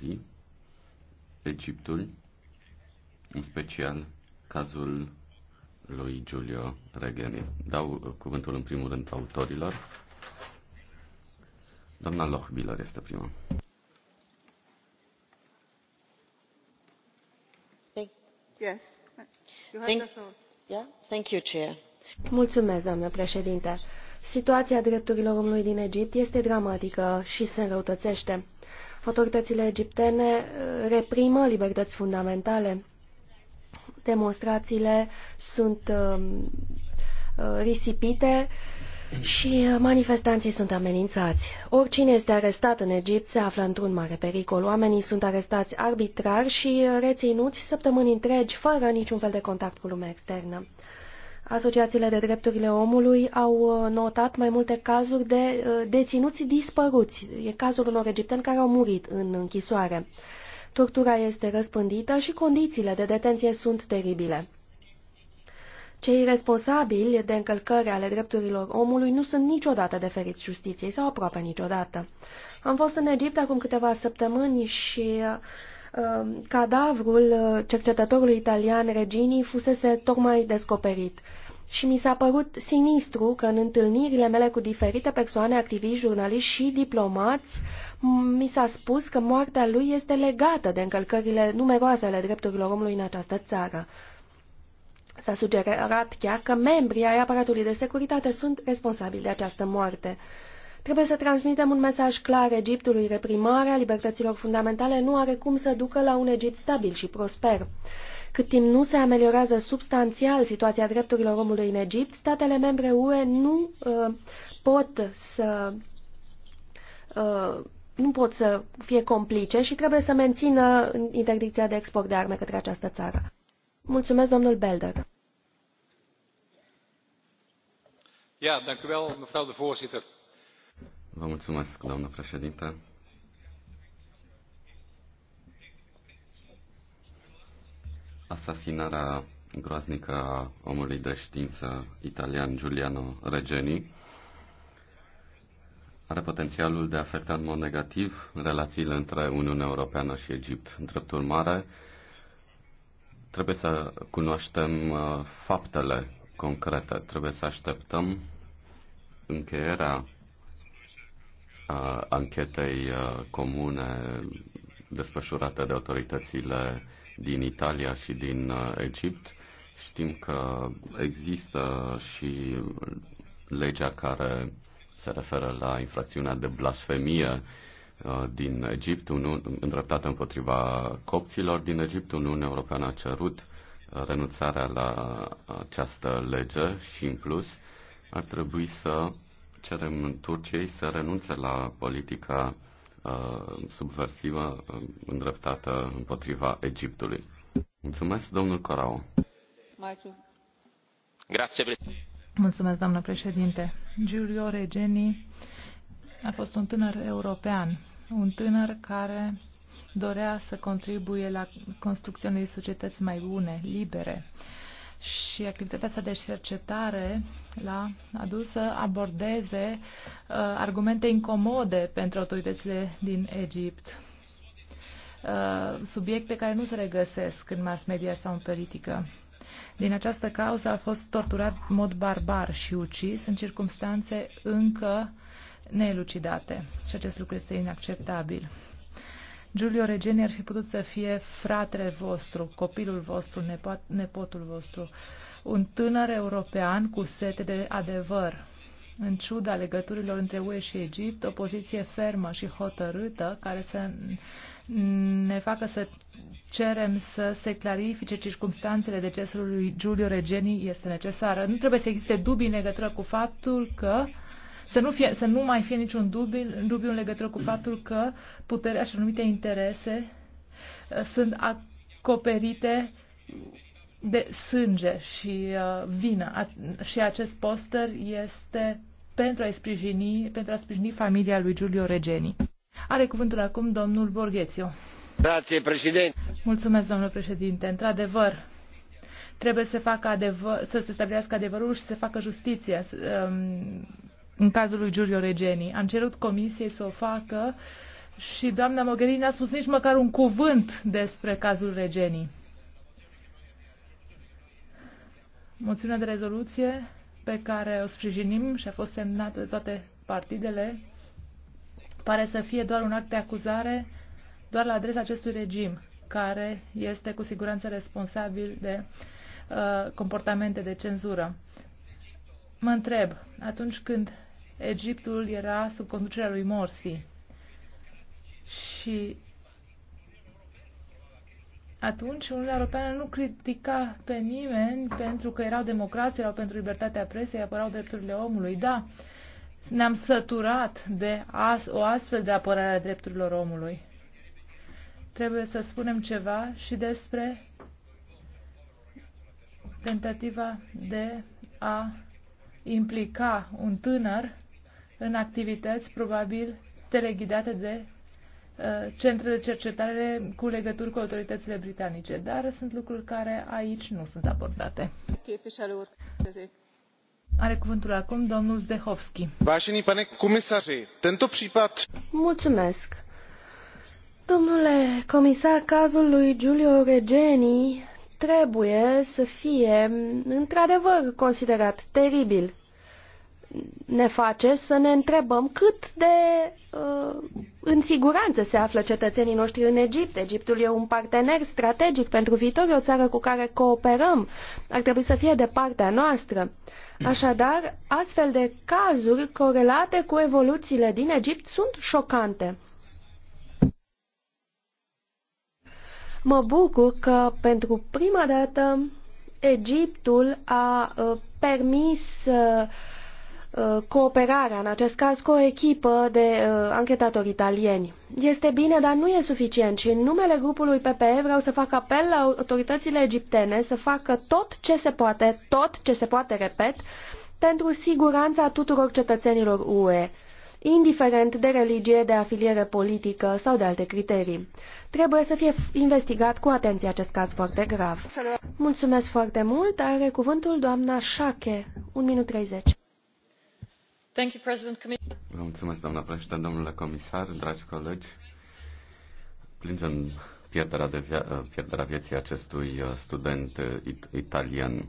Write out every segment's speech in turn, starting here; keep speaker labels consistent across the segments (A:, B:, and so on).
A: Egipții, Egiptul, în special cazul lui Giulio Regeni. Dau uh, cuvântul în primul rând autorilor. Doamna Lochbiller este prima. Yes. You
B: Yeah? Thank you, Chair. Mulțumesc, doamnă președinte. Situația drepturilor omului din Egipt este dramatică și se înrăutățește. Autoritățile egiptene eh, reprimă libertăți fundamentale. Demonstrațiile sunt eh, eh, risipite și manifestanții sunt amenințați. Oricine este arestat în Egipt se află într-un mare pericol. Oamenii sunt arestați arbitrar și reținuți săptămâni întregi, fără niciun fel de contact cu lumea externă. Asociațiile de drepturile omului au uh, notat mai multe cazuri de uh, deținuți dispăruți. E cazul unor egipteni care au murit în închisoare. Tortura este răspândită și condițiile de detenție sunt teribile. Cei responsabili de încălcări ale drepturilor omului nu sunt niciodată deferiți justiției sau aproape niciodată. Am fost în Egipt acum câteva săptămâni și uh, cadavrul uh, cercetătorului italian Regini fusese tocmai descoperit și mi s-a părut sinistru că în întâlnirile mele cu diferite persoane, activiști, jurnaliști și diplomați, mi s-a spus că moartea lui este legată de încălcările numeroase ale drepturilor omului în această țară. S-a sugerat chiar că membrii ai aparatului de securitate sunt responsabili de această moarte. Trebuie să transmitem un mesaj clar Egiptului. Reprimarea libertăților fundamentale nu are cum să ducă la un Egipt stabil și prosper. Cât timp nu se ameliorează substanțial situația drepturilor omului în Egipt, statele membre UE nu uh, pot să uh, nu pot să fie complice și trebuie să mențină interdicția de export de arme către această țară. Mulțumesc, domnul Belder.
A: Ja, dank u wel, mevrouw de voorzitter. Vă mulțumesc, doamnă președinte. asasinarea groaznică a omului de știință italian Giuliano Regeni are potențialul de a afecta în mod negativ relațiile între Uniunea Europeană și Egipt. În drept urmare, trebuie să cunoaștem uh, faptele concrete, trebuie să așteptăm încheierea uh, anchetei uh, comune desfășurate de autoritățile din Italia și din uh, Egipt. Știm că există și legea care se referă la infracțiunea de blasfemie uh, din Egipt, îndreptată împotriva copților din Egipt. Uniunea Europeană a cerut uh, renunțarea la această lege și, în plus, ar trebui să cerem în Turciei să renunțe la politica Uh, subversivă uh, îndreptată împotriva Egiptului. Mulțumesc, domnul Corao.
C: Mulțumesc, doamnă președinte. Giulio Regeni a fost un tânăr european, un tânăr care dorea să contribuie la construcția unei societăți mai bune, libere și activitatea sa de cercetare l-a adus să abordeze uh, argumente incomode pentru autoritățile din Egipt, uh, subiecte care nu se regăsesc în mass media sau în politică. Din această cauză a fost torturat în mod barbar și ucis în circumstanțe încă neelucidate și acest lucru este inacceptabil. Giulio Regeni ar fi putut să fie fratele vostru, copilul vostru, nepotul vostru, un tânăr european cu sete de adevăr. În ciuda legăturilor între UE și Egipt, o poziție fermă și hotărâtă care să ne facă să cerem să se clarifice circumstanțele decesului lui Giulio Regeni este necesară. Nu trebuie să existe dubii în legătură cu faptul că uh, să nu, fie, să nu mai fie niciun dubiu, dubiu în legătură cu faptul că puterea și anumite interese uh, sunt acoperite de sânge și uh, vină. A, și acest poster este pentru a sprijini, pentru a sprijini familia lui Giulio Regeni. Are cuvântul acum domnul Borghețiu.
B: Grazie, președinte.
C: Mulțumesc, domnule președinte. Într-adevăr, trebuie să, facă adevăr, să se stabilească adevărul și să se facă justiție. Um, în cazul lui Giulio Regeni. Am cerut comisiei să o facă și doamna Mogherini n-a spus nici măcar un cuvânt despre cazul Regeni. Moțiunea de rezoluție pe care o sprijinim și a fost semnată de toate partidele pare să fie doar un act de acuzare doar la adresa acestui regim, care este cu siguranță responsabil de uh, comportamente de cenzură. Mă întreb, atunci când Egiptul era sub conducerea lui Morsi. Și atunci Uniunea Europeană nu critica pe nimeni pentru că erau democrații, erau pentru libertatea presei, apărau drepturile omului. Da, ne-am săturat de as, o astfel de apărare a drepturilor omului. Trebuie să spunem ceva și despre tentativa de a implica un tânăr în activități probabil teleghidate de uh, centre de cercetare cu legături cu autoritățile britanice, dar sunt lucruri care aici nu sunt abordate. Are cuvântul acum domnul Zdehovski. Vážený
B: pane komisaři, tento případ...
C: Mulțumesc. Domnule
B: comisar, cazul lui Giulio Regeni trebuie să fie într-adevăr considerat teribil ne face să ne întrebăm cât de uh, în siguranță se află cetățenii noștri în Egipt. Egiptul e un partener strategic pentru viitor, o țară cu care cooperăm. Ar trebui să fie de partea noastră. Așadar, astfel de cazuri corelate cu evoluțiile din Egipt sunt șocante. Mă bucur că pentru prima dată Egiptul a uh, permis uh, Uh, cooperarea, în acest caz cu o echipă de uh, anchetatori italieni. Este bine, dar nu e suficient și în numele grupului PPE vreau să fac apel la autoritățile egiptene să facă tot ce se poate, tot ce se poate, repet, pentru siguranța tuturor cetățenilor UE, indiferent de religie, de afiliere politică sau de alte criterii. Trebuie să fie investigat cu atenție acest caz foarte grav. Mulțumesc foarte mult, are cuvântul doamna Șache, 1 minut 30.
C: Vă
A: mulțumesc, doamna președinte, domnule comisar, dragi colegi. Plângem pierderea, de via- uh, pierderea vieții acestui uh, student uh, it- italian.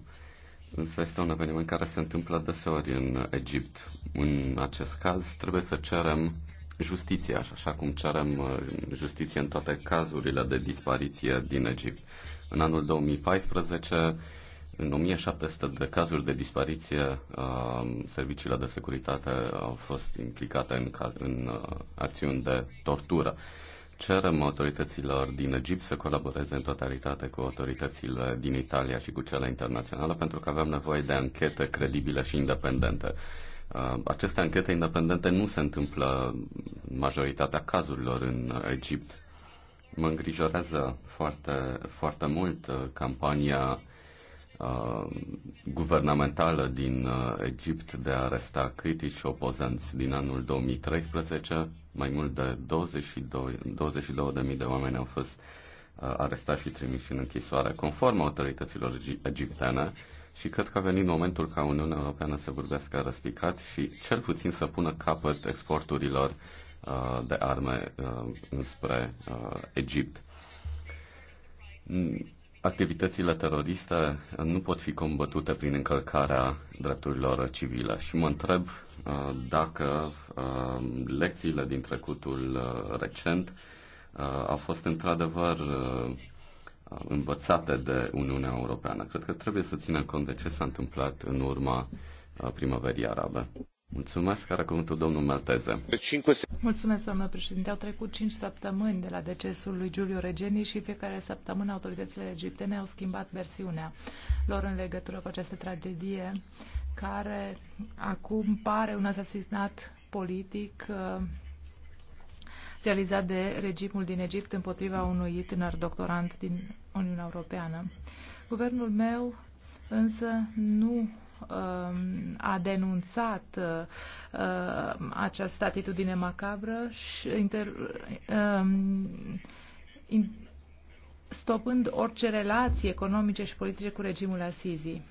A: Însă este un eveniment care se întâmplă deseori în Egipt. În acest caz trebuie să cerem justiție, așa cum cerem justiție în toate cazurile de dispariție din Egipt. În anul 2014, în 1700 de cazuri de dispariție, uh, serviciile de securitate au fost implicate în, în uh, acțiuni de tortură. Cerem autorităților din Egipt să colaboreze în totalitate cu autoritățile din Italia și cu cele internaționale pentru că avem nevoie de anchete credibile și independente. Uh, aceste anchete independente nu se întâmplă în majoritatea cazurilor în Egipt. Mă îngrijorează foarte, foarte mult campania Uh, guvernamentală din uh, Egipt de a aresta critici și opozanți din anul 2013. Mai mult de 22, 22.000 de oameni au fost uh, arestați și trimiși în închisoare conform autorităților egiptene și cred că a venit momentul ca Uniunea Europeană să vorbească răspicați și cel puțin să pună capăt exporturilor de arme înspre Egipt Activitățile teroriste nu pot fi combătute prin încălcarea drepturilor civile și mă întreb uh, dacă uh, lecțiile din trecutul uh, recent au fost într-adevăr învățate de Uniunea Europeană. Cred că trebuie să ținem cont de ce s-a întâmplat în urma primăverii arabe. Mulțumesc, care cuvântul domnul Malteze.
C: Mulțumesc, domnul președinte. Au trecut cinci săptămâni de la decesul lui Giulio Regeni și fiecare săptămână autoritățile egiptene au schimbat versiunea lor în legătură cu această tragedie, care acum pare un asasinat politic uh, realizat de regimul din Egipt împotriva unui tânăr doctorant din Uniunea Europeană. Guvernul meu însă nu Um, a denunțat uh, această atitudine macabră și inter, um, stopând orice relații economice și politice cu regimul asizii.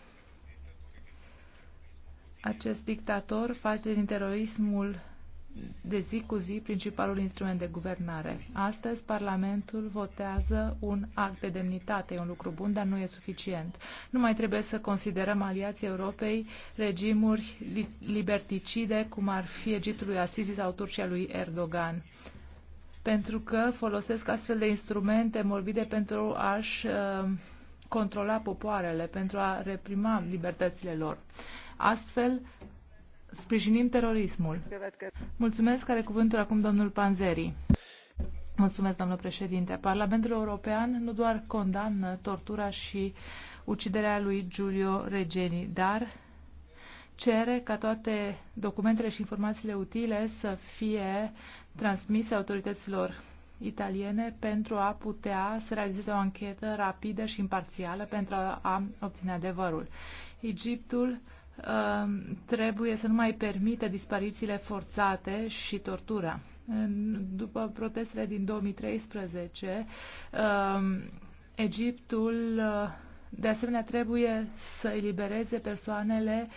C: Acest dictator face din terorismul de zi cu zi principalul instrument de guvernare. Astăzi, Parlamentul votează un act de demnitate. E un lucru bun, dar nu e suficient. Nu mai trebuie să considerăm aliații Europei regimuri liberticide, cum ar fi Egiptul lui Asisi sau Turcia lui Erdogan pentru că folosesc astfel de instrumente morbide pentru a-și uh, controla popoarele, pentru a reprima libertățile lor. Astfel, Sprijinim terorismul. Mulțumesc, care cuvântul acum domnul Panzeri. Mulțumesc, domnul președinte. Parlamentul European nu doar condamnă tortura și uciderea lui Giulio Regeni, dar cere ca toate documentele și informațiile utile să fie transmise autorităților italiene pentru a putea să realizeze o anchetă rapidă și imparțială pentru a obține adevărul. Egiptul Um, trebuie să nu mai permită disparițiile forțate și tortura. După protestele din 2013, um, Egiptul uh, de asemenea trebuie să elibereze persoanele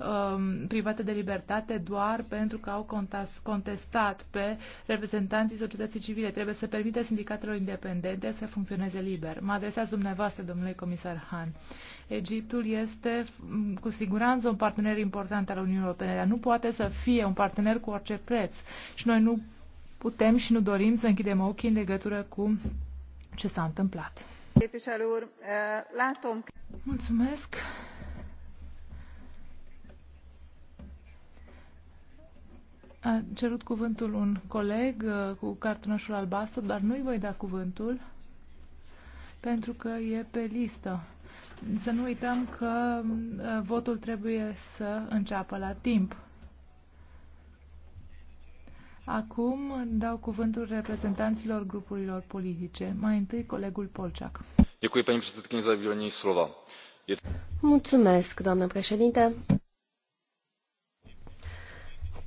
C: Um, private de libertate doar pentru că au contestat pe reprezentanții societății civile. Trebuie să permite sindicatelor independente să funcționeze liber. Mă adresez dumneavoastră, domnule comisar Han. Egiptul este mm, cu siguranță un partener important al Uniunii Europene, dar nu poate să fie un partener cu orice preț. Și noi nu putem și nu dorim să închidem ochii în legătură cu ce s-a întâmplat. Eh, Mulțumesc. A cerut cuvântul un coleg uh, cu cartonașul albastru, dar nu-i voi da cuvântul pentru că e pe listă. Să nu uităm că uh, votul trebuie să înceapă la timp. Acum dau cuvântul reprezentanților grupurilor politice. Mai întâi colegul Polciac.
B: Mulțumesc, doamnă președinte.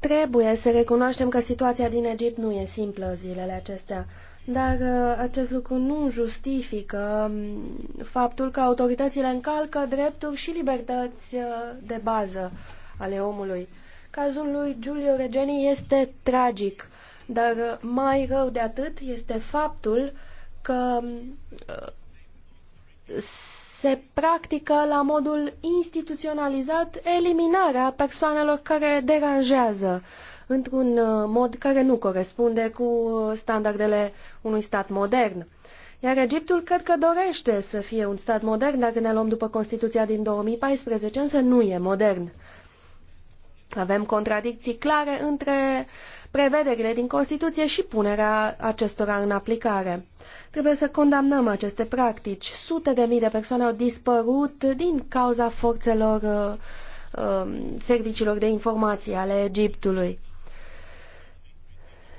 B: Trebuie să recunoaștem că situația din Egipt nu e simplă zilele acestea, dar uh, acest lucru nu justifică um, faptul că autoritățile încalcă drepturi și libertăți uh, de bază ale omului. Cazul lui Giulio Regeni este tragic, dar uh, mai rău de atât este faptul că se practică la modul instituționalizat eliminarea persoanelor care deranjează într-un uh, mod care nu corespunde cu uh, standardele unui stat modern. Iar Egiptul cred că dorește să fie un stat modern dacă ne luăm după Constituția din 2014, însă nu e modern. Avem contradicții clare între prevederile din Constituție și punerea acestora în aplicare. Trebuie să condamnăm aceste practici. Sute de mii de persoane au dispărut din cauza forțelor uh, um, serviciilor de informații ale Egiptului.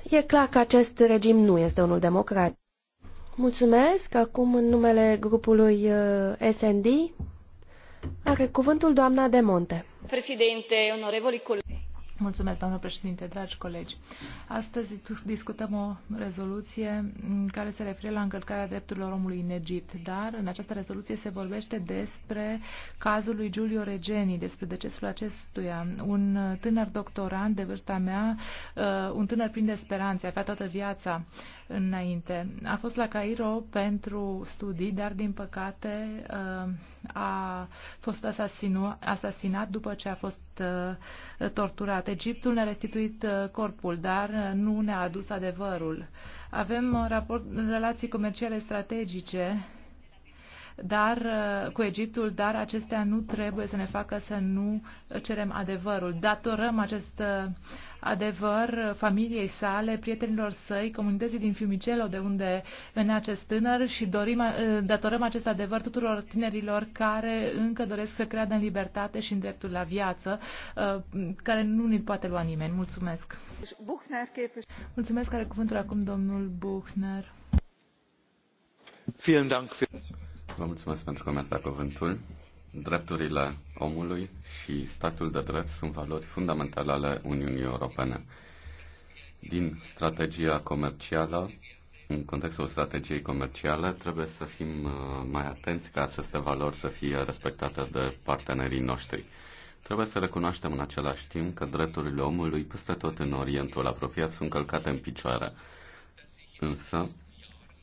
B: E clar că acest regim nu este unul democrat. Mulțumesc. Acum, în numele grupului uh, SND, are cuvântul doamna De Monte. Președinte, onorevoli colegi.
C: Mulțumesc, doamnă președinte, dragi colegi. Astăzi discutăm o rezoluție care se referă la încălcarea drepturilor omului în Egipt, dar în această rezoluție se vorbește despre cazul lui Giulio Regeni, despre decesul acestuia. Un tânăr doctorant de vârsta mea, uh, un tânăr plin de speranțe, avea toată viața înainte. A fost la Cairo pentru studii, dar din păcate uh, a fost asasinat după ce a fost uh, torturat. Egiptul ne-a restituit uh, corpul, dar nu ne-a adus adevărul. Avem raport, relații comerciale strategice dar, uh, cu Egiptul, dar acestea nu trebuie să ne facă să nu cerem adevărul. Datorăm acest uh, adevăr familiei sale, prietenilor săi, comunității din Fiumicelo, de unde venea acest tânăr și dorim, uh, datorăm acest adevăr tuturor tinerilor care încă doresc să creadă în libertate și în dreptul la viață, care nu ne poate lua nimeni. Mulțumesc! Mulțumesc, are cuvântul acum domnul Buchner.
A: Vă mulțumesc pentru că mi-ați dat cuvântul. Drepturile omului și statul de drept sunt valori fundamentale ale Uniunii Europene. Din strategia comercială, în contextul strategiei comerciale, trebuie să fim uh, mai atenți ca aceste valori să fie respectate de partenerii noștri. Trebuie să recunoaștem în același timp că drepturile omului peste tot în Orientul apropiat sunt călcate în picioare. Însă,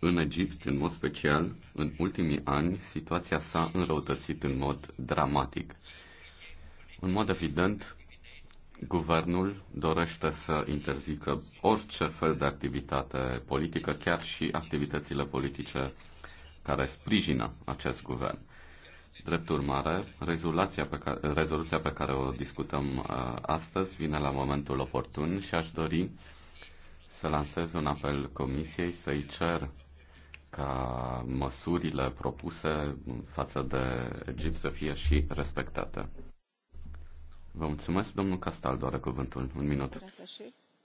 A: în Egipt, în mod special, în ultimii ani, situația s-a înrăutățit în mod dramatic. În mod evident, guvernul dorește să interzică orice fel de activitate politică, chiar și activitățile politice care sprijină acest guvern. Drept urmare, rezoluția pe care, rezoluția pe care o discutăm uh, astăzi vine la momentul oportun și aș dori să lansez un apel Comisiei să-i cer ca măsurile propuse față de Egipt să fie și respectate. Vă mulțumesc, domnul Castaldo, doar cuvântul. Un minut.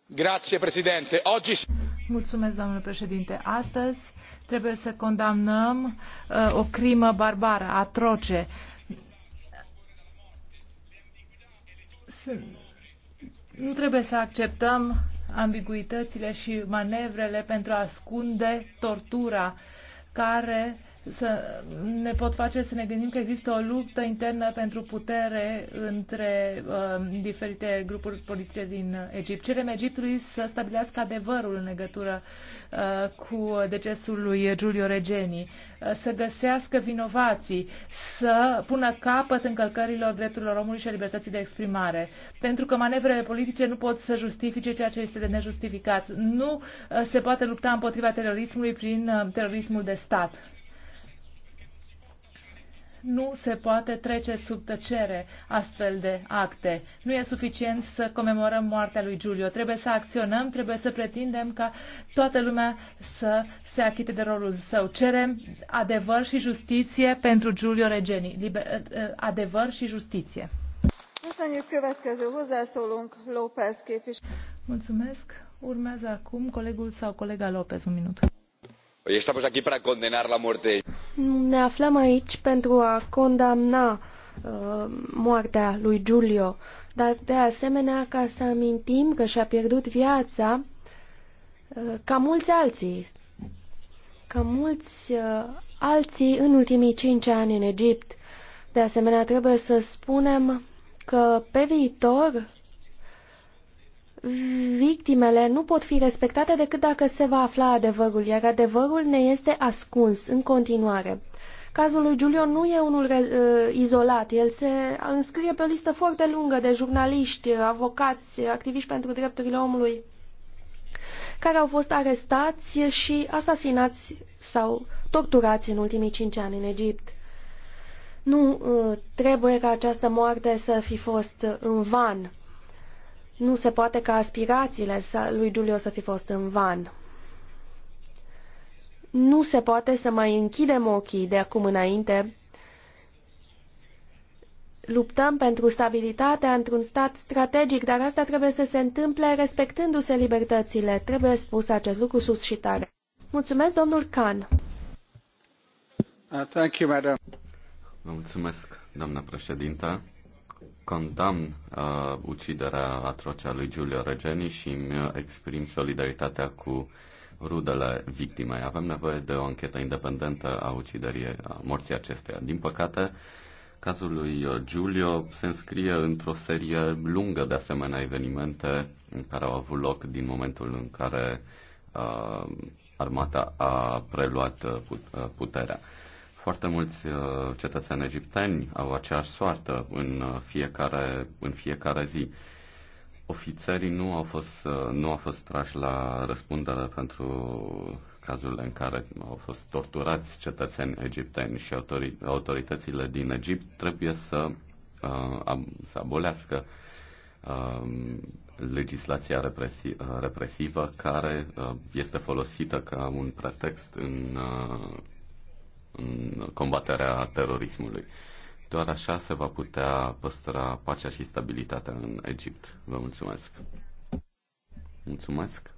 A: Grazie, președinte. Oggi...
C: Mulțumesc, domnule președinte. Astăzi trebuie să condamnăm uh, o crimă barbară, atroce. Nu trebuie să acceptăm ambiguitățile și manevrele pentru a ascunde tortura care să ne pot face să ne gândim că există o luptă internă pentru putere între uh, diferite grupuri politice din Egipt. Cerem Egiptului să stabilească adevărul în legătură uh, cu decesul lui Giulio Regeni, uh, să găsească vinovații, să pună capăt încălcărilor drepturilor omului și a libertății de exprimare. Pentru că manevrele politice nu pot să justifice ceea ce este de nejustificat. Nu uh, se poate lupta împotriva terorismului prin uh, terorismul de stat nu se poate trece sub tăcere astfel de acte. Nu e suficient să comemorăm moartea lui Giulio. Trebuie să acționăm, trebuie să pretindem ca toată lumea să se achite de rolul său. Cerem adevăr și justiție pentru Giulio Regeni. Liber, eh, eh, adevăr și
A: justiție.
C: Mulțumesc. Urmează acum colegul sau colega Lopez un minut
A: Păi estamos aquí para condenar la muerte.
C: Ne aflăm aici pentru a condamna uh,
B: moartea lui Giulio, dar de asemenea ca să amintim că și-a pierdut viața uh, ca mulți alții, ca mulți uh, alții în ultimii cinci ani în Egipt. De asemenea, trebuie să spunem că pe viitor victimele nu pot fi respectate decât dacă se va afla adevărul, iar adevărul ne este ascuns în continuare. Cazul lui Giulio nu e unul uh, izolat, el se înscrie pe o listă foarte lungă de jurnaliști, avocați, activiști pentru drepturile omului, care au fost arestați și asasinați sau torturați în ultimii cinci ani în Egipt. Nu uh, trebuie ca această moarte să fi fost în van. Nu se poate ca aspirațiile lui Giulio să fi fost în van. Nu se poate să mai închidem ochii de acum înainte. Luptăm pentru stabilitatea într-un stat strategic, dar asta trebuie să se întâmple respectându-se libertățile. Trebuie spus acest lucru sus și tare. Mulțumesc, domnul Khan.
A: Uh, thank you, madam. mulțumesc, doamna președintă condamn uh, uciderea atroce a lui Giulio Regeni și îmi uh, exprim solidaritatea cu rudele victimei. Avem nevoie de o anchetă independentă a uciderii, a morții acesteia. Din păcate, cazul lui uh, Giulio se înscrie într-o serie lungă de asemenea evenimente care au avut loc din momentul în care uh, armata a preluat uh, puterea. Foarte mulți uh, cetățeni egipteni au aceeași soartă în uh, fiecare, în fiecare zi. Ofițerii nu au fost, uh, nu au fost trași la răspundere pentru cazurile în care au fost torturați cetățeni egipteni și autoritățile din Egipt trebuie să, să abolească um, legislația represivă care este folosită ca un pretext în în combaterea terorismului. Doar așa se va putea păstra pacea și stabilitatea în Egipt. Vă mulțumesc. Mulțumesc.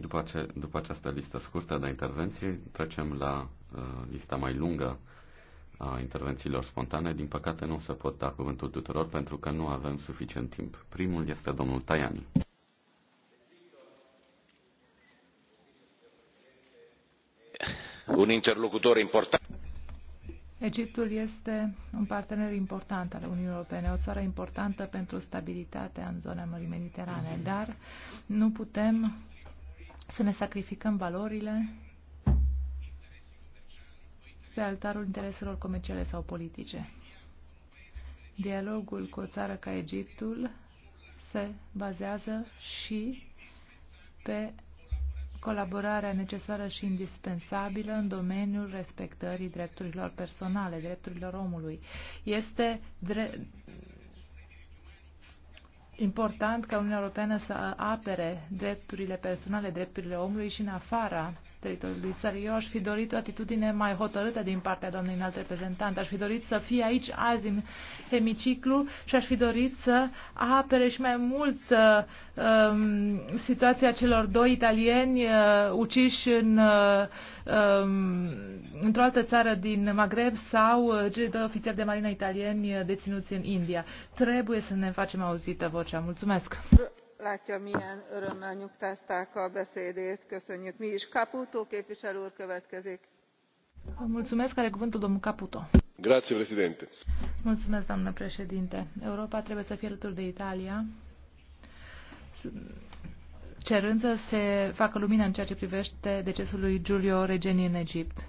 A: După, ace- după această listă scurtă de intervenții, trecem la uh, lista mai lungă a intervențiilor spontane. Din păcate, nu se pot da cuvântul tuturor pentru că nu avem suficient timp. Primul este domnul Tajani. un interlocutor important.
C: Egiptul este un partener important al Uniunii Europene, o țară importantă pentru stabilitatea în zona Mării Mediterane, dar nu putem să ne sacrificăm valorile pe altarul intereselor comerciale sau politice. Dialogul cu o țară ca Egiptul se bazează și pe colaborarea necesară și indispensabilă în domeniul respectării drepturilor personale, drepturilor omului. Este dre important ca Uniunea Europeană să apere drepturile personale, drepturile omului și în afara teritoriului său. Eu aș fi dorit o atitudine mai hotărâtă din partea doamnei înalt reprezentant. Aș fi dorit să fie aici azi în hemiciclu și aș fi dorit să apere și mai mult um, situația celor doi italieni uh, uciși în, uh, um, într-o altă țară din Maghreb sau uh, cei doi ofițeri de marină italieni uh, deținuți în India. Trebuie să ne facem auzită vocea. Mulțumesc! látja milyen örömmel nyugtázták a beszédét köszönjük mi is. caputo képviselő úr következik.
A: Grazie, președinte.
C: Mulțumesc, doamnă președinte. Europa trebuie să fie alături de Italia, cerând să se facă lumină în ceea ce privește decesul lui Giulio Regeni în Egipt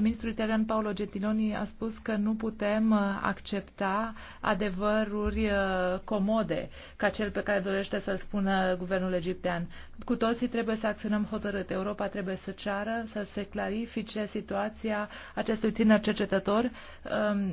C: Ministrul italian Paolo Gentiloni a spus că nu putem uh, accepta adevăruri uh, comode ca cel pe care dorește să-l spună guvernul egiptean. Cu toții trebuie să acționăm hotărât. Europa trebuie să ceară, să se clarifice situația acestui tânăr cercetător um,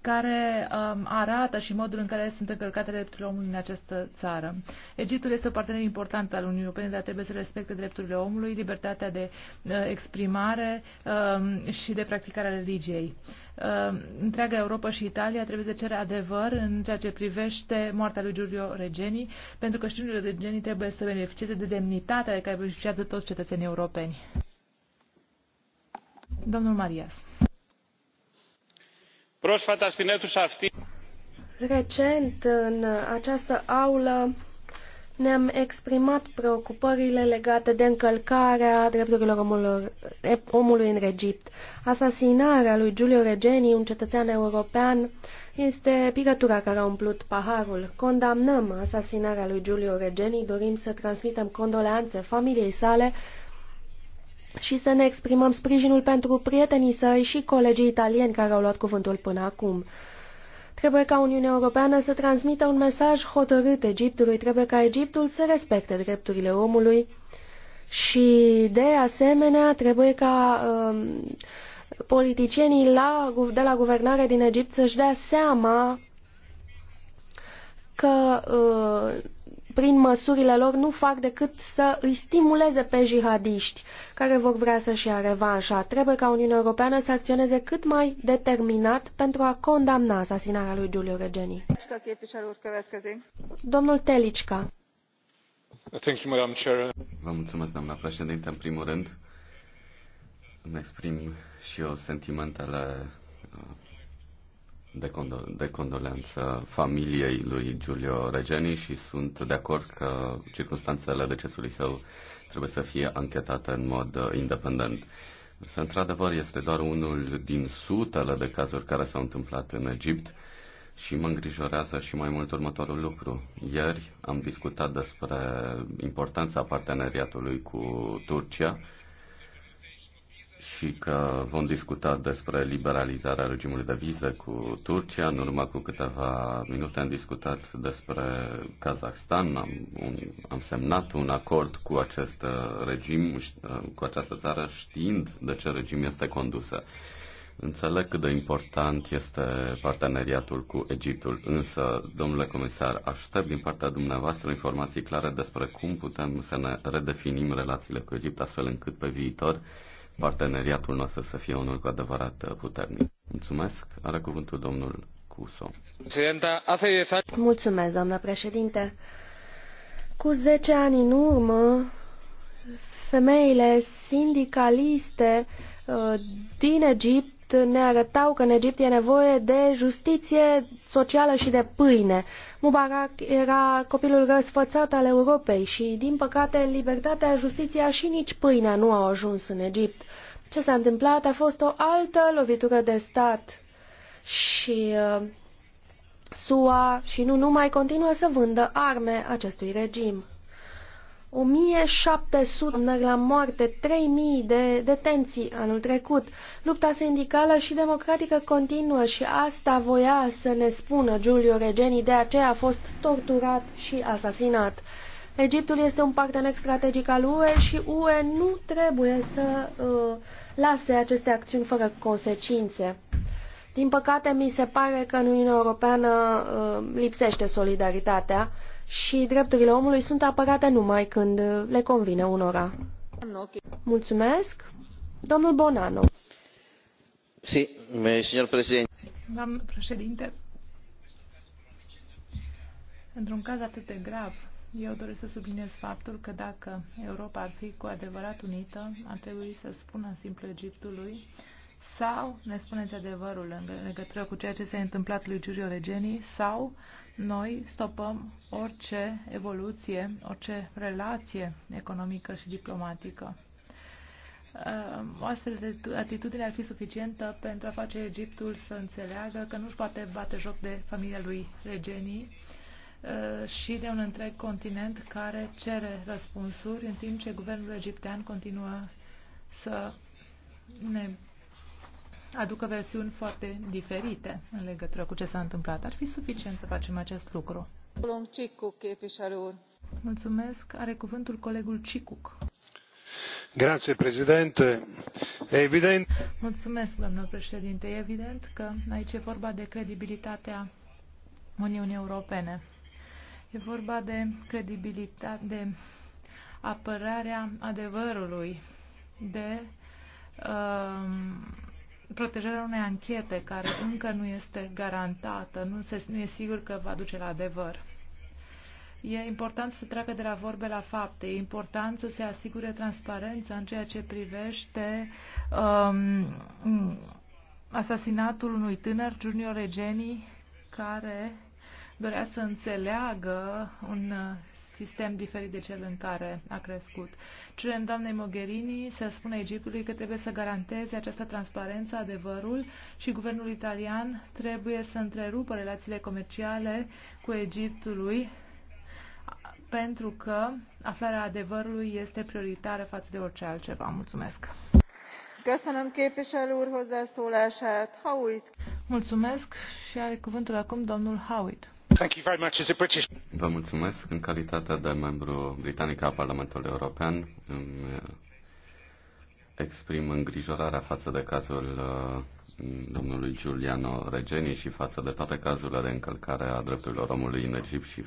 C: care um, arată și modul în care sunt încălcate drepturile omului în această țară. Egiptul este o partener important al Uniunii Europene, dar trebuie să respecte drepturile omului, libertatea de uh, exprimare um, și de practicare a religiei. Uh, întreaga Europa și Italia trebuie să cere adevăr în ceea ce privește moartea lui Giulio Regeni, pentru că și Giulio Regeni trebuie să beneficieze de demnitatea de care beneficiază toți cetățenii europeni. Domnul Marias.
A: Πρόσφατα στην αίθουσα αυτή.
B: Recent, în această aulă, ne-am exprimat preocupările legate de încălcarea drepturilor omului, omului în Egipt. Asasinarea lui Giulio Regeni, un cetățean european, este picătura care a umplut paharul. Condamnăm asasinarea lui Giulio Regeni, dorim să transmitem condoleanțe familiei sale și să ne exprimăm sprijinul pentru prietenii săi și colegii italieni care au luat cuvântul până acum. Trebuie ca Uniunea Europeană să transmită un mesaj hotărât Egiptului, trebuie ca Egiptul să respecte drepturile omului și, de asemenea, trebuie ca um, politicienii la, de la guvernare din Egipt să-și dea seama că uh, prin măsurile lor, nu fac decât să îi stimuleze pe jihadiști care vor vrea să-și ia revanșa. Trebuie ca Uniunea Europeană să acționeze cât mai determinat pentru a condamna asasinarea lui Giulio Regeni. Domnul Telicca.
A: Vă mulțumesc, doamna președinte, în primul rând. Îmi exprim și eu sentimentele uh, de, condo- de condolență familiei lui Giulio Regeni și sunt de acord că circunstanțele decesului său trebuie să fie anchetate în mod uh, independent. Să într-adevăr, este doar unul din sutele de cazuri care s-au întâmplat în Egipt și mă îngrijorează și mai mult următorul lucru. Ieri am discutat despre importanța parteneriatului cu Turcia și că vom discuta despre liberalizarea regimului de viză cu Turcia. În urmă cu câteva minute am discutat despre Kazahstan. Am, un, am semnat un acord cu acest regim, cu această țară, știind de ce regim este condusă. Înțeleg cât de important este parteneriatul cu Egiptul, însă, domnule comisar, aștept din partea dumneavoastră informații clare despre cum putem să ne redefinim relațiile cu Egipt astfel încât pe viitor parteneriatul nostru să fie unul cu adevărat puternic. Mulțumesc. Are cuvântul domnul Cuso.
B: Mulțumesc, doamnă președinte. Cu 10 ani în urmă, femeile sindicaliste uh, din Egipt Egipt ne arătau că în Egipt e nevoie de justiție socială și de pâine. Mubarak era copilul răsfățat al Europei și, din păcate, libertatea, justiția și nici pâinea nu au ajuns în Egipt. Ce s-a întâmplat a fost o altă lovitură de stat și uh, SUA și nu numai continuă să vândă arme acestui regim. 1700 la moarte, 3000 de detenții anul trecut. Lupta sindicală și democratică continuă și asta voia să ne spună Giulio Regeni, de aceea a fost torturat și asasinat. Egiptul este un partener strategic al UE și UE nu trebuie să uh, lase aceste acțiuni fără consecințe. Din păcate, mi se pare că în Uniunea Europeană uh, lipsește solidaritatea și drepturile omului sunt apărate numai când le convine unora. Mulțumesc. Domnul Bonano.
A: Si, signor președinte.
C: Doamnă președinte, într-un caz atât de grav, eu doresc să subliniez faptul că dacă Europa ar fi cu adevărat unită, ar trebui să spună simplu Egiptului sau ne spuneți adevărul în legătură cu ceea ce s-a întâmplat lui Giulio Regeni, sau noi stopăm orice evoluție, orice relație economică și diplomatică. Uh, o astfel de atitudine ar fi suficientă pentru a face Egiptul să înțeleagă că nu-și poate bate joc de familia lui Regeni uh, și de un întreg continent care cere răspunsuri, în timp ce guvernul egiptean continuă să ne aducă versiuni foarte diferite în legătură cu ce s-a întâmplat. Ar fi suficient să facem acest lucru. Mulțumesc. Are cuvântul colegul Cicuc.
B: Grazie, președinte. E evident...
C: Mulțumesc, domnul președinte. E evident că aici e vorba de credibilitatea Uniunii Europene. E vorba de credibilitate, de apărarea adevărului, de uh, protejarea unei anchete care încă nu este garantată, nu, se, nu e sigur că va duce la adevăr. E important să treacă de la vorbe la fapte, e important să se asigure transparența în ceea ce privește um, asasinatul unui tânăr, Junior Regeni, care dorea să înțeleagă un sistem diferit de cel în care a crescut. Cerem doamnei Mogherini să spună Egiptului că trebuie să garanteze această transparență, adevărul și guvernul italian trebuie să întrerupă relațiile comerciale cu Egiptului pentru că aflarea adevărului este prioritară față de orice altceva. Mulțumesc! Mulțumesc și are cuvântul acum domnul Howitt.
A: Vă mulțumesc. În calitate de membru britanic al Parlamentului European, îmi uh, exprim îngrijorarea față de cazul uh, domnului Giuliano Regeni și față de toate cazurile de încălcare a drepturilor omului în Egipt și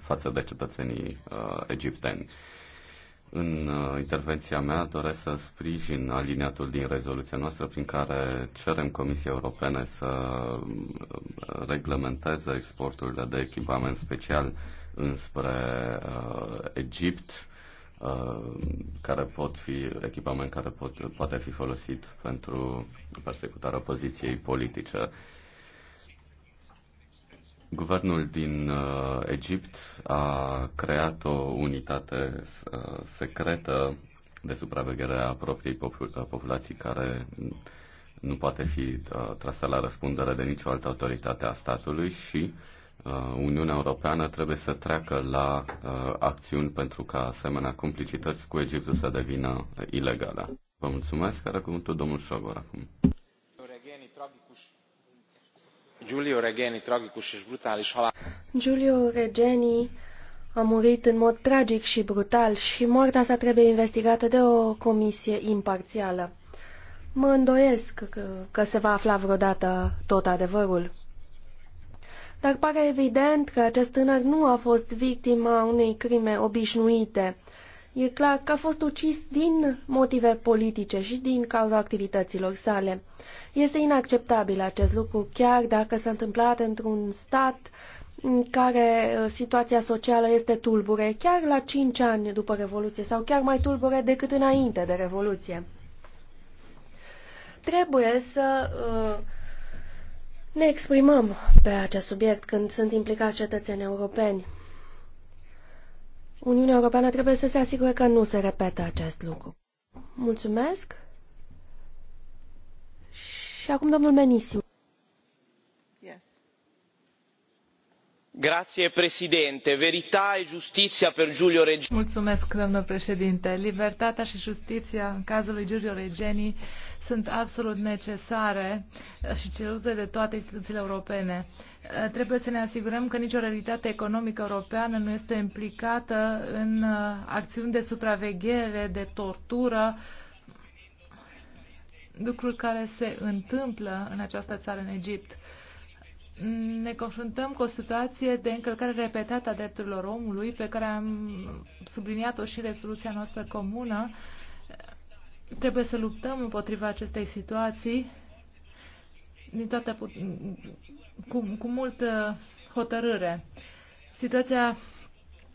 A: față uh, de cetățenii egipteni. În uh, intervenția mea doresc să sprijin aliniatul din rezoluția noastră prin care cerem Comisiei Europene să uh, reglementeze exporturile de echipament special înspre uh, Egipt, uh, care pot fi echipament care pot, poate fi folosit pentru persecutarea poziției politice. Uh, Guvernul din uh, Egipt a creat o unitate uh, secretă de supraveghere a propriei popul- populații care nu poate fi uh, trasă la răspundere de nicio altă autoritate a statului și uh, Uniunea Europeană trebuie să treacă la uh, acțiuni pentru ca asemenea complicități cu Egiptul să devină ilegală. Vă mulțumesc. Are cuvântul domnul Șogor acum. Giulio Regeni, tragicus și brutalis halál.
B: Giulio Regeni a murit în mod tragic și brutal și moartea sa trebuie investigată de o comisie imparțială. Mă îndoiesc că, că se va afla vreodată tot adevărul. Dar pare evident că acest tânăr nu a fost victima unei crime obișnuite E clar că a fost ucis din motive politice și din cauza activităților sale. Este inacceptabil acest lucru, chiar dacă s-a întâmplat într-un stat în care uh, situația socială este tulbure, chiar la 5 ani după Revoluție sau chiar mai tulbure decât înainte de Revoluție. Trebuie să uh, ne exprimăm pe acest subiect când sunt implicați cetățeni europeni. Uniunea Europeană trebuie să se asigure că nu se repetă acest lucru. Mulțumesc. Și acum domnul Menisiu. domnule președinte
C: libertatea și justiția în cazul lui giulio regeni sunt absolut necesare și cerute de toate instituțiile europene. trebuie să ne asigurăm că nicio realitate economică europeană nu este implicată în uh, acțiuni de supraveghere de tortură lucruri care se întâmplă în această țară în egipt ne confruntăm cu o situație de încălcare repetată a drepturilor omului, pe care am subliniat-o și rezoluția noastră comună. Trebuie să luptăm împotriva acestei situații din toată cu, cu multă hotărâre. Situația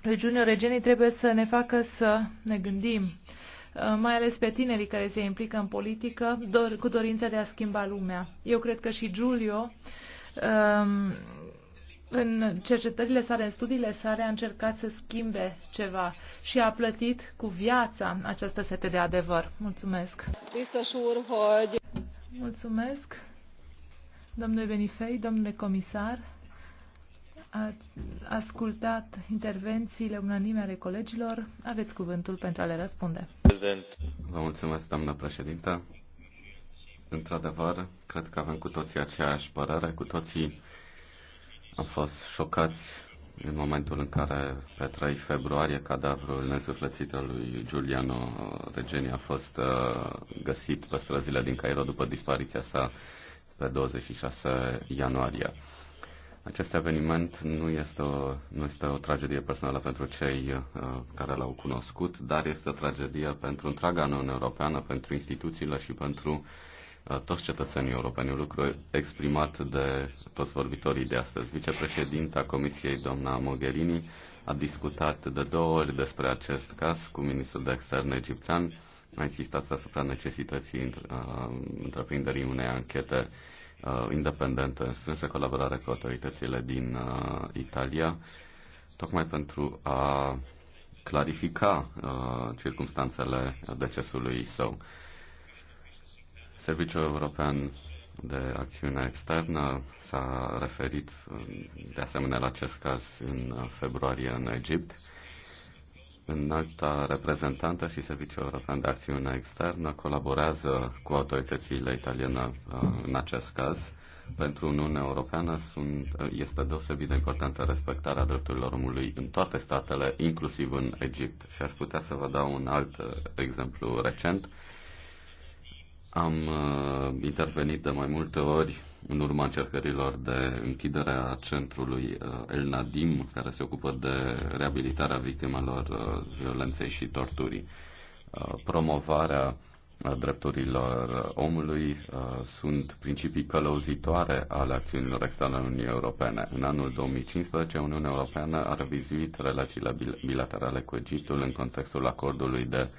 C: regiunilor regenii trebuie să ne facă să ne gândim, uh, mai ales pe tinerii care se implică în politică dor, cu dorința de a schimba lumea. Eu cred că și Giulio uh, Um, în cercetările sale, în studiile sale, a încercat să schimbe ceva și a plătit cu viața această sete de adevăr. Mulțumesc! Mulțumesc, domnule Benifei, domnule comisar. A ascultat intervențiile unanime ale colegilor. Aveți cuvântul pentru a le răspunde.
A: Vă mulțumesc, doamna președintă. Într-adevăr, cred că avem cu toții aceeași părere, cu toții am fost șocați în momentul în care, pe 3 februarie, cadavrul nesuflețit al lui Giuliano Regeni a fost uh, găsit pe străzile din Cairo după dispariția sa pe 26 ianuarie. Acest eveniment nu este o, nu este o tragedie personală pentru cei uh, care l-au cunoscut, dar este o tragedie pentru întreaga Uniune Europeană, pentru instituțiile și pentru Uh, toți cetățenii europeni, un lucru exprimat de toți vorbitorii de astăzi. Vicepreședinta Comisiei, doamna Mogherini, a discutat de două ori despre acest caz cu ministrul de externe egiptean, a insistat asupra necesității uh, întreprinderii unei anchete uh, independente în strânsă colaborare cu autoritățile din Italia, tocmai pentru a clarifica circumstanțele decesului său. Serviciul European de Acțiune Externă s-a referit de asemenea la acest caz în februarie în Egipt. Înalta reprezentantă și Serviciul European de Acțiune Externă colaborează cu autoritățile italiene uh, în acest caz. Pentru Uniunea Europeană sunt, uh, este deosebit de importantă respectarea drepturilor omului în toate statele, inclusiv în Egipt. Și aș putea să vă dau un alt uh, exemplu recent am uh, intervenit de mai multe ori în urma încercărilor de închidere a centrului uh, El Nadim, care se ocupă de reabilitarea victimelor uh, violenței și torturii. Uh, promovarea uh, drepturilor omului uh, sunt principii călăuzitoare ale acțiunilor externe ale Uniunii Europene. În anul 2015, Uniunea Europeană a revizuit relațiile bilaterale cu Egiptul în contextul acordului de uh,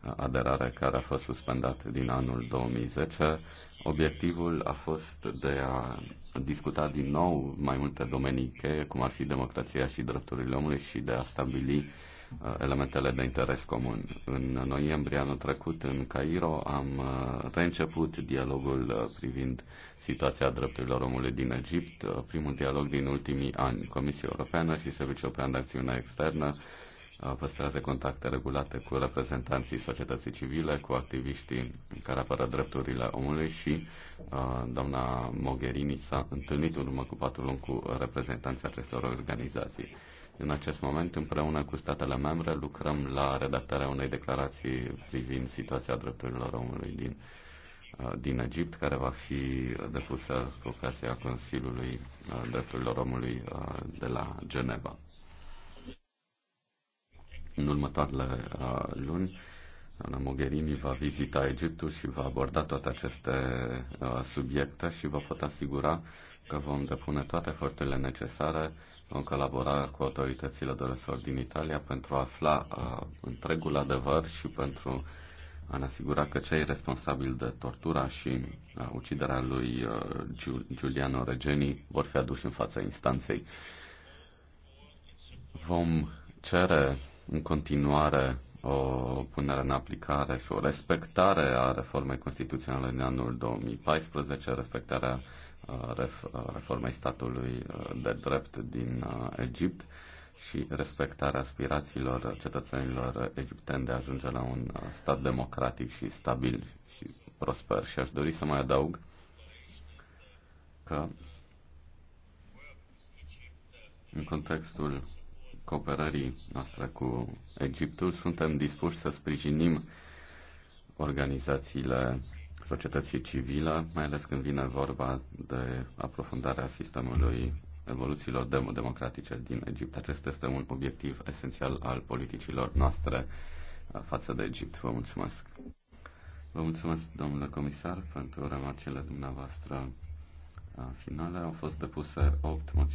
A: aderare care a fost suspendat din anul 2010. Obiectivul a fost de a discuta din nou mai multe domenii cheie, cum ar fi democrația și drepturile omului și de a stabili uh, elementele de interes comun. În noiembrie anul trecut, în Cairo, am uh, reînceput dialogul uh, privind situația drepturilor omului din Egipt, primul dialog din ultimii ani. Comisia Europeană și Serviciul European de Acțiune Externă păstrează contacte regulate cu reprezentanții societății civile, cu activiștii care apără drepturile omului și uh, doamna Mogherini s-a întâlnit în urmă cu patru luni cu reprezentanții acestor organizații. În acest moment, împreună cu statele membre, lucrăm la redactarea unei declarații privind situația drepturilor omului din, uh, din Egipt, care va fi depusă cu ocazia Consiliului uh, Drepturilor Omului de la Geneva în următoarele uh, luni. Doamna Mogherini va vizita Egiptul și va aborda toate aceste uh, subiecte și vă pot asigura că vom depune toate eforturile necesare, vom colabora cu autoritățile de resort din Italia pentru a afla uh, întregul adevăr și pentru a ne asigura că cei responsabili de tortura și uciderea lui Giuliano Regeni vor fi aduși în fața instanței. Vom cere în continuare o punere în aplicare și o respectare a reformei constituționale din anul 2014, respectarea uh, uh, reformei statului uh, de drept din Egipt și respectarea aspirațiilor cetățenilor egipteni de a ajunge la un stat democratic și stabil și prosper. Și aș dori să mai adaug că în contextul cooperării noastre cu Egiptul, suntem dispuși să sprijinim organizațiile societății civile, mai ales când vine vorba de aprofundarea sistemului evoluțiilor democratice din Egipt. Acest este un obiectiv esențial al politicilor noastre uh, față de Egipt. Vă mulțumesc! Vă mulțumesc, domnule comisar, pentru remarcele dumneavoastră uh, finale. Au fost
C: depuse 8 moțiuni.